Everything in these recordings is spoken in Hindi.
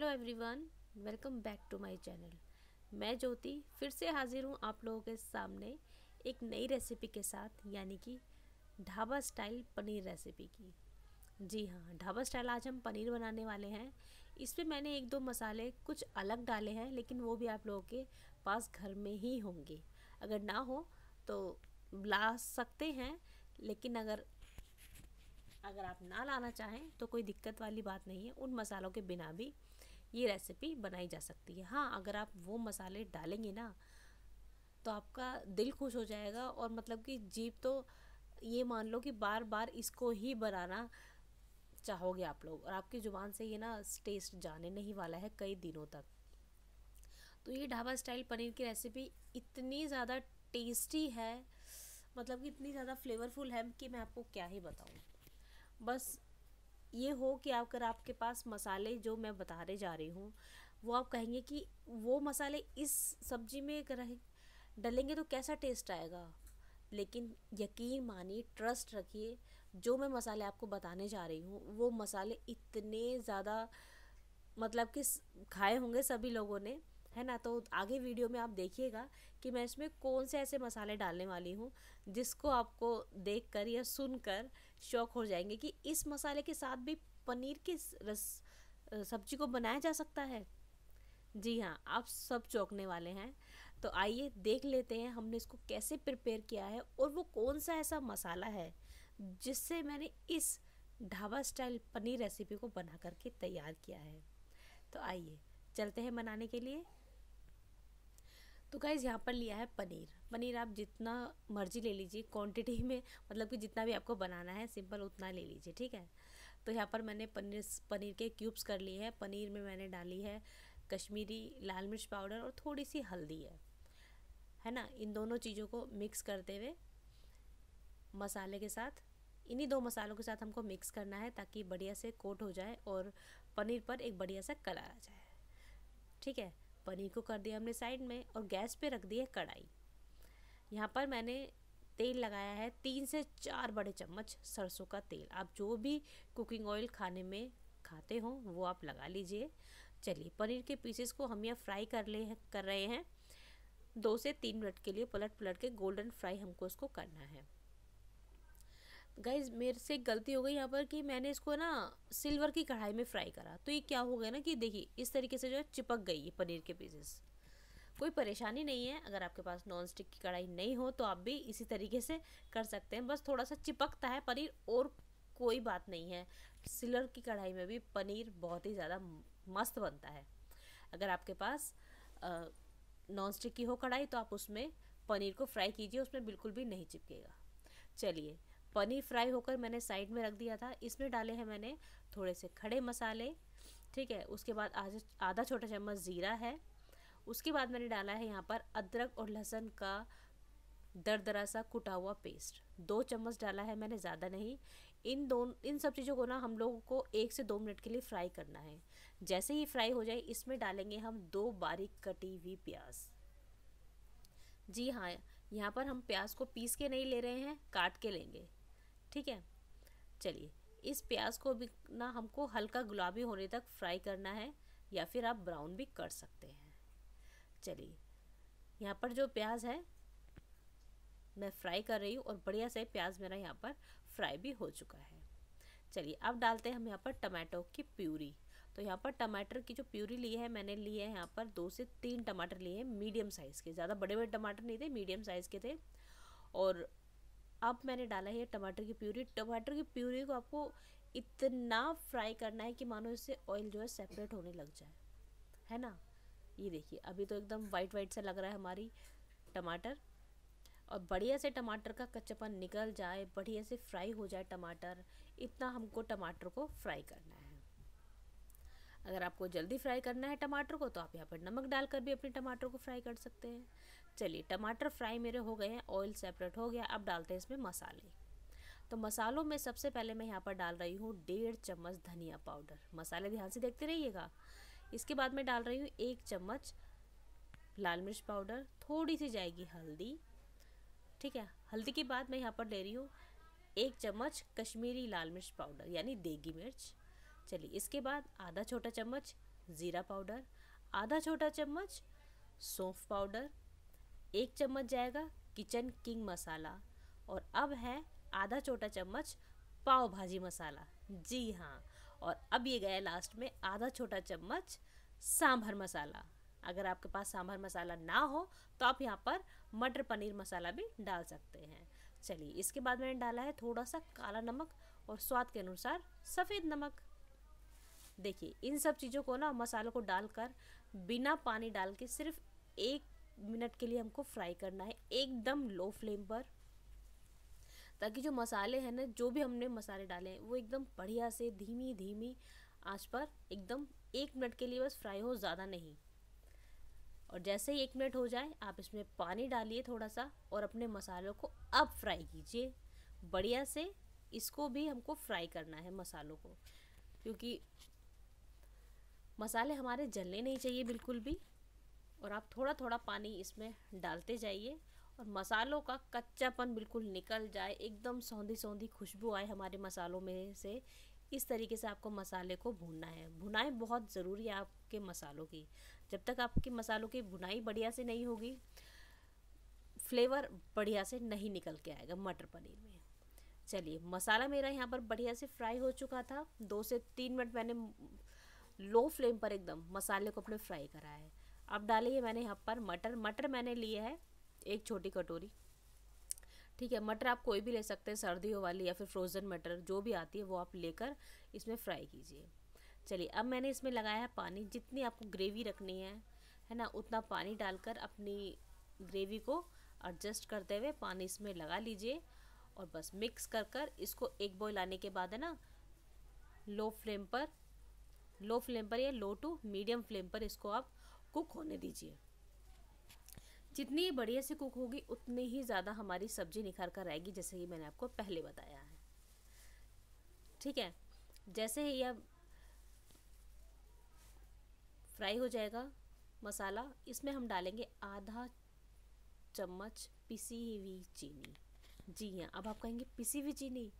hello everyone welcome back to my channel मैं ज्योति फिर से हाज़िर हूँ आप लोगों के सामने एक नई रेसिपी के साथ यानी कि ढाबा स्टाइल पनीर रेसिपी की जी हाँ ढाबा स्टाइल आज हम पनीर बनाने वाले हैं इसमें मैंने एक दो मसाले कुछ अलग डाले हैं लेकिन वो भी आप लोगों के पास घर में ही होंगे अगर ना हो तो ला सकते हैं लेकिन अगर अगर आप ना लाना चाहें तो कोई दिक्कत वाली बात नहीं है उन मसालों के बिना भी ये रेसिपी बनाई जा सकती है हाँ अगर आप वो मसाले डालेंगे ना तो आपका दिल खुश हो जाएगा और मतलब कि जीप तो ये मान लो कि बार बार इसको ही बनाना चाहोगे आप लोग और आपकी ज़ुबान से ये ना टेस्ट जाने नहीं वाला है कई दिनों तक तो ये ढाबा स्टाइल पनीर की रेसिपी इतनी ज़्यादा टेस्टी है मतलब कि इतनी ज़्यादा फ्लेवरफुल है कि मैं आपको क्या ही बताऊँ बस ये हो कि अगर आपके पास मसाले जो मैं बताने जा रही हूँ वो आप कहेंगे कि वो मसाले इस सब्जी में रहे डलेंगे तो कैसा टेस्ट आएगा लेकिन यकीन मानिए ट्रस्ट रखिए जो मैं मसाले आपको बताने जा रही हूँ वो मसाले इतने ज़्यादा मतलब कि खाए होंगे सभी लोगों ने है ना तो आगे वीडियो में आप देखिएगा कि मैं इसमें कौन से ऐसे मसाले डालने वाली हूँ जिसको आपको देख कर या सुन कर शौक हो जाएंगे कि इस मसाले के साथ भी पनीर की रस सब्जी को बनाया जा सकता है जी हाँ आप सब चौंकने वाले हैं तो आइए देख लेते हैं हमने इसको कैसे प्रिपेयर किया है और वो कौन सा ऐसा मसाला है जिससे मैंने इस ढाबा स्टाइल पनीर रेसिपी को बना करके तैयार किया है तो आइए चलते हैं बनाने के लिए तो गाइज़ यहाँ पर लिया है पनीर पनीर आप जितना मर्जी ले लीजिए क्वांटिटी में मतलब कि जितना भी आपको बनाना है सिंपल उतना ले लीजिए ठीक है तो यहाँ पर मैंने पनीर पनीर के क्यूब्स कर लिए हैं पनीर में मैंने डाली है कश्मीरी लाल मिर्च पाउडर और थोड़ी सी हल्दी है है ना इन दोनों चीज़ों को मिक्स करते हुए मसाले के साथ इन्हीं दो मसालों के साथ हमको मिक्स करना है ताकि बढ़िया से कोट हो जाए और पनीर पर एक बढ़िया सा कलर आ जाए ठीक है पनीर को कर दिया हमने साइड में और गैस पे रख दी है कढ़ाई यहाँ पर मैंने तेल लगाया है तीन से चार बड़े चम्मच सरसों का तेल आप जो भी कुकिंग ऑयल खाने में खाते हो वो आप लगा लीजिए चलिए पनीर के पीसेस को हम यहाँ फ्राई कर ले कर रहे हैं दो से तीन मिनट के लिए पलट पलट के गोल्डन फ्राई हमको इसको करना है गाइज मेरे से गलती हो गई यहाँ पर कि मैंने इसको ना सिल्वर की कढ़ाई में फ्राई करा तो ये क्या हो गया ना कि देखिए इस तरीके से जो है चिपक गई है पनीर के पीसेस कोई परेशानी नहीं है अगर आपके पास नॉन स्टिक की कढ़ाई नहीं हो तो आप भी इसी तरीके से कर सकते हैं बस थोड़ा सा चिपकता है पनीर और कोई बात नहीं है सिल्वर की कढ़ाई में भी पनीर बहुत ही ज़्यादा मस्त बनता है अगर आपके पास नॉन स्टिक की हो कढ़ाई तो आप उसमें पनीर को फ्राई कीजिए उसमें बिल्कुल भी नहीं चिपकेगा चलिए पनीर फ्राई होकर मैंने साइड में रख दिया था इसमें डाले हैं मैंने थोड़े से खड़े मसाले ठीक है उसके बाद आधा छोटा चम्मच ज़ीरा है उसके बाद मैंने डाला है यहाँ पर अदरक और लहसुन का दरा सा कुटा हुआ पेस्ट दो चम्मच डाला है मैंने ज़्यादा नहीं इन दो इन सब चीज़ों को ना हम लोगों को एक से दो मिनट के लिए फ्राई करना है जैसे ही फ्राई हो जाए इसमें डालेंगे हम दो बारीक कटी हुई प्याज जी हाँ यहाँ पर हम प्याज को पीस के नहीं ले रहे हैं काट के लेंगे ठीक है चलिए इस प्याज को भी ना हमको हल्का गुलाबी होने तक फ्राई करना है या फिर आप ब्राउन भी कर सकते हैं चलिए यहाँ पर जो प्याज है मैं फ्राई कर रही हूँ और बढ़िया से प्याज मेरा यहाँ पर फ्राई भी हो चुका है चलिए अब डालते हैं हम यहाँ पर टमाटो की प्यूरी तो यहाँ पर टमाटर की जो प्यूरी ली है मैंने ली है यहाँ पर दो से तीन टमाटर लिए हैं मीडियम साइज़ के ज़्यादा बड़े बड़े टमाटर नहीं थे मीडियम साइज़ के थे और अब मैंने डाला है टमाटर की प्यूरी टमाटर की प्यूरी को आपको इतना फ्राई करना है कि मानो इससे ऑयल जो है सेपरेट होने लग जाए है ना ये देखिए अभी तो एकदम वाइट वाइट सा लग रहा है हमारी टमाटर और बढ़िया से टमाटर का कच्चापन निकल जाए बढ़िया से फ्राई हो जाए टमाटर इतना हमको टमाटर को फ्राई करना है अगर आपको जल्दी फ्राई करना है टमाटर को तो आप यहाँ पर नमक डालकर भी अपने टमाटर को फ्राई कर सकते हैं चलिए टमाटर फ्राई मेरे हो गए हैं ऑयल सेपरेट हो गया अब डालते हैं इसमें मसाले तो मसालों में सबसे पहले मैं यहाँ पर डाल रही हूँ डेढ़ चम्मच धनिया पाउडर मसाले ध्यान से देखते रहिएगा इसके बाद मैं डाल रही हूँ एक चम्मच लाल मिर्च पाउडर थोड़ी सी जाएगी हल्दी ठीक है हल्दी के बाद मैं यहाँ पर ले रही हूँ एक चम्मच कश्मीरी लाल मिर्च पाउडर यानी देगी मिर्च चलिए इसके बाद आधा छोटा चम्मच ज़ीरा पाउडर आधा छोटा चम्मच सौंफ पाउडर एक चम्मच जाएगा किचन किंग मसाला और अब है आधा छोटा चम्मच पाव भाजी मसाला जी हाँ और अब ये गया लास्ट में आधा छोटा चम्मच सांभर मसाला अगर आपके पास सांभर मसाला ना हो तो आप यहाँ पर मटर पनीर मसाला भी डाल सकते हैं चलिए इसके बाद मैंने डाला है थोड़ा सा काला नमक और स्वाद के अनुसार सफ़ेद नमक देखिए इन सब चीज़ों को ना मसालों को डालकर बिना पानी डाल के सिर्फ एक मिनट के लिए हमको फ्राई करना है एकदम लो फ्लेम पर ताकि जो मसाले हैं ना जो भी हमने मसाले डाले हैं वो एकदम बढ़िया से धीमी धीमी आंच पर एकदम एक मिनट के लिए बस फ्राई हो ज़्यादा नहीं और जैसे ही एक मिनट हो जाए आप इसमें पानी डालिए थोड़ा सा और अपने मसालों को अब फ्राई कीजिए बढ़िया से इसको भी हमको फ्राई करना है मसालों को क्योंकि मसाले हमारे जलने नहीं चाहिए बिल्कुल भी और आप थोड़ा थोड़ा पानी इसमें डालते जाइए और मसालों का कच्चापन बिल्कुल निकल जाए एकदम सौंधी सौंधी खुशबू आए हमारे मसालों में से इस तरीके से आपको मसाले को भूनना है भुनाई बहुत ज़रूरी है आपके मसालों की जब तक आपके मसालों की भुनाई बढ़िया से नहीं होगी फ्लेवर बढ़िया से नहीं निकल के आएगा मटर पनीर में चलिए मसाला मेरा यहाँ पर बढ़िया से फ्राई हो चुका था दो से तीन मिनट मैंने लो फ्लेम पर एकदम मसाले को अपने फ्राई करा है अब डाली है मैंने यहाँ पर मटर मटर मैंने लिए है एक छोटी कटोरी ठीक है मटर आप कोई भी ले सकते हैं सर्दियों वाली या फिर फ्रोज़न मटर जो भी आती है वो आप लेकर इसमें फ्राई कीजिए चलिए अब मैंने इसमें लगाया है पानी जितनी आपको ग्रेवी रखनी है है ना उतना पानी डालकर अपनी ग्रेवी को एडजस्ट करते हुए पानी इसमें लगा लीजिए और बस मिक्स कर कर इसको एक बॉयल आने के बाद है ना लो फ्लेम पर लो फ्लेम पर या लो टू मीडियम फ्लेम पर इसको आप कुक होने दीजिए जितनी बढ़िया से कुक होगी उतनी ही ज़्यादा हमारी सब्ज़ी निखार कर आएगी जैसे कि मैंने आपको पहले बताया है ठीक है जैसे ही यह फ्राई हो जाएगा मसाला इसमें हम डालेंगे आधा चम्मच पिसी हुई चीनी जी हाँ अब आप कहेंगे पिसी हुई चीनी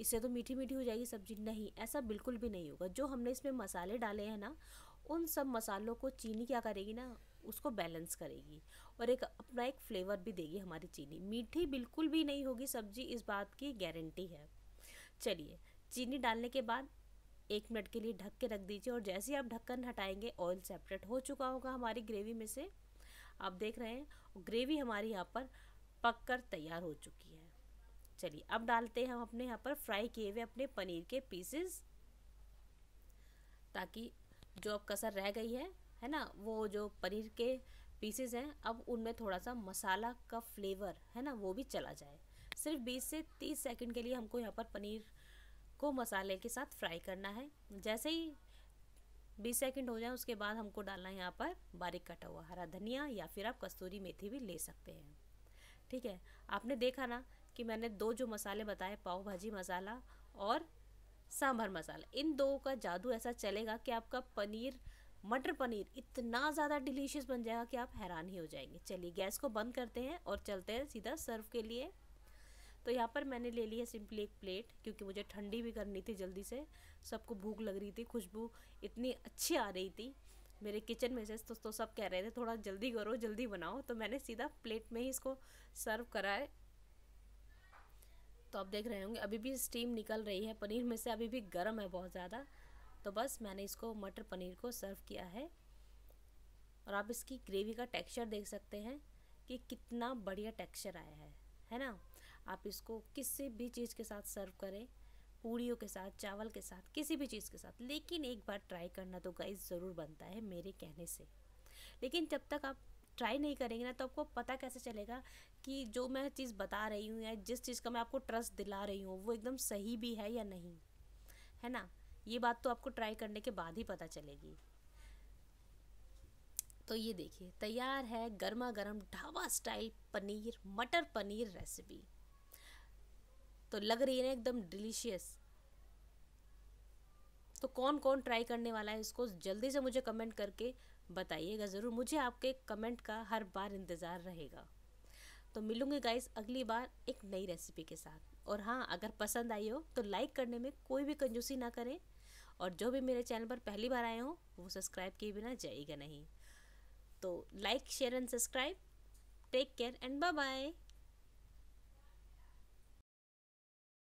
इससे तो मीठी मीठी हो जाएगी सब्जी नहीं ऐसा बिल्कुल भी नहीं होगा जो हमने इसमें मसाले डाले हैं ना उन सब मसालों को चीनी क्या करेगी ना उसको बैलेंस करेगी और एक अपना एक फ्लेवर भी देगी हमारी चीनी मीठी बिल्कुल भी नहीं होगी सब्जी इस बात की गारंटी है चलिए चीनी डालने के बाद एक मिनट के लिए ढक के रख दीजिए और जैसे ही आप ढक्कन हटाएंगे ऑयल सेपरेट हो चुका होगा हमारी ग्रेवी में से आप देख रहे हैं ग्रेवी हमारी यहाँ पर पक कर तैयार हो चुकी है चलिए अब डालते हैं हम अपने यहाँ पर फ्राई किए हुए अपने पनीर के पीसेस ताकि जो अब कसर रह गई है है ना वो जो पनीर के पीसेस हैं अब उनमें थोड़ा सा मसाला का फ्लेवर है ना वो भी चला जाए सिर्फ 20 से 30 सेकंड के लिए हमको यहाँ पर पनीर को मसाले के साथ फ्राई करना है जैसे ही 20 सेकंड हो जाए उसके बाद हमको डालना है यहाँ पर बारीक कटा हुआ हरा धनिया या फिर आप कस्तूरी मेथी भी ले सकते हैं ठीक है आपने देखा ना कि मैंने दो जो मसाले बताए पाव भाजी मसाला और सांभर मसाला इन दो का जादू ऐसा चलेगा कि आपका पनीर मटर पनीर इतना ज़्यादा डिलीशियस बन जाएगा कि आप हैरान ही हो जाएंगे चलिए गैस को बंद करते हैं और चलते हैं सीधा सर्व के लिए तो यहाँ पर मैंने ले ली है सिंपली एक प्लेट क्योंकि मुझे ठंडी भी करनी थी जल्दी से सबको भूख लग रही थी खुशबू इतनी अच्छी आ रही थी मेरे किचन में से तो, तो सब कह रहे थे थोड़ा जल्दी करो जल्दी बनाओ तो मैंने सीधा प्लेट में ही इसको सर्व कराए तो आप देख रहे होंगे अभी भी स्टीम निकल रही है पनीर में से अभी भी गर्म है बहुत ज़्यादा तो बस मैंने इसको मटर पनीर को सर्व किया है और आप इसकी ग्रेवी का टेक्सचर देख सकते हैं कि कितना बढ़िया टेक्सचर आया है है ना आप इसको किसी भी चीज़ के साथ सर्व करें पूड़ियों के साथ चावल के साथ किसी भी चीज़ के साथ लेकिन एक बार ट्राई करना तो गाइस ज़रूर बनता है मेरे कहने से लेकिन जब तक आप ट्राई नहीं करेंगे ना तो आपको पता कैसे चलेगा कि जो मैं चीज़ बता रही हूँ या जिस चीज़ का मैं आपको ट्रस्ट दिला रही हूँ वो एकदम सही भी है या नहीं है ना ये बात तो आपको ट्राई करने के बाद ही पता चलेगी तो ये देखिए तैयार है गर्मा गर्म ढाबा स्टाइल पनीर मटर पनीर रेसिपी तो लग रही है ना एकदम डिलीशियस तो कौन कौन ट्राई करने वाला है इसको जल्दी से मुझे कमेंट करके बताइएगा ज़रूर मुझे आपके कमेंट का हर बार इंतज़ार रहेगा तो मिलूँगी गाइस अगली बार एक नई रेसिपी के साथ और हाँ अगर पसंद आई हो तो लाइक करने में कोई भी कंजूसी ना करें और जो भी मेरे चैनल पर पहली बार आए हों वो सब्सक्राइब किए बिना जाएगा नहीं तो like share and subscribe take care and bye bye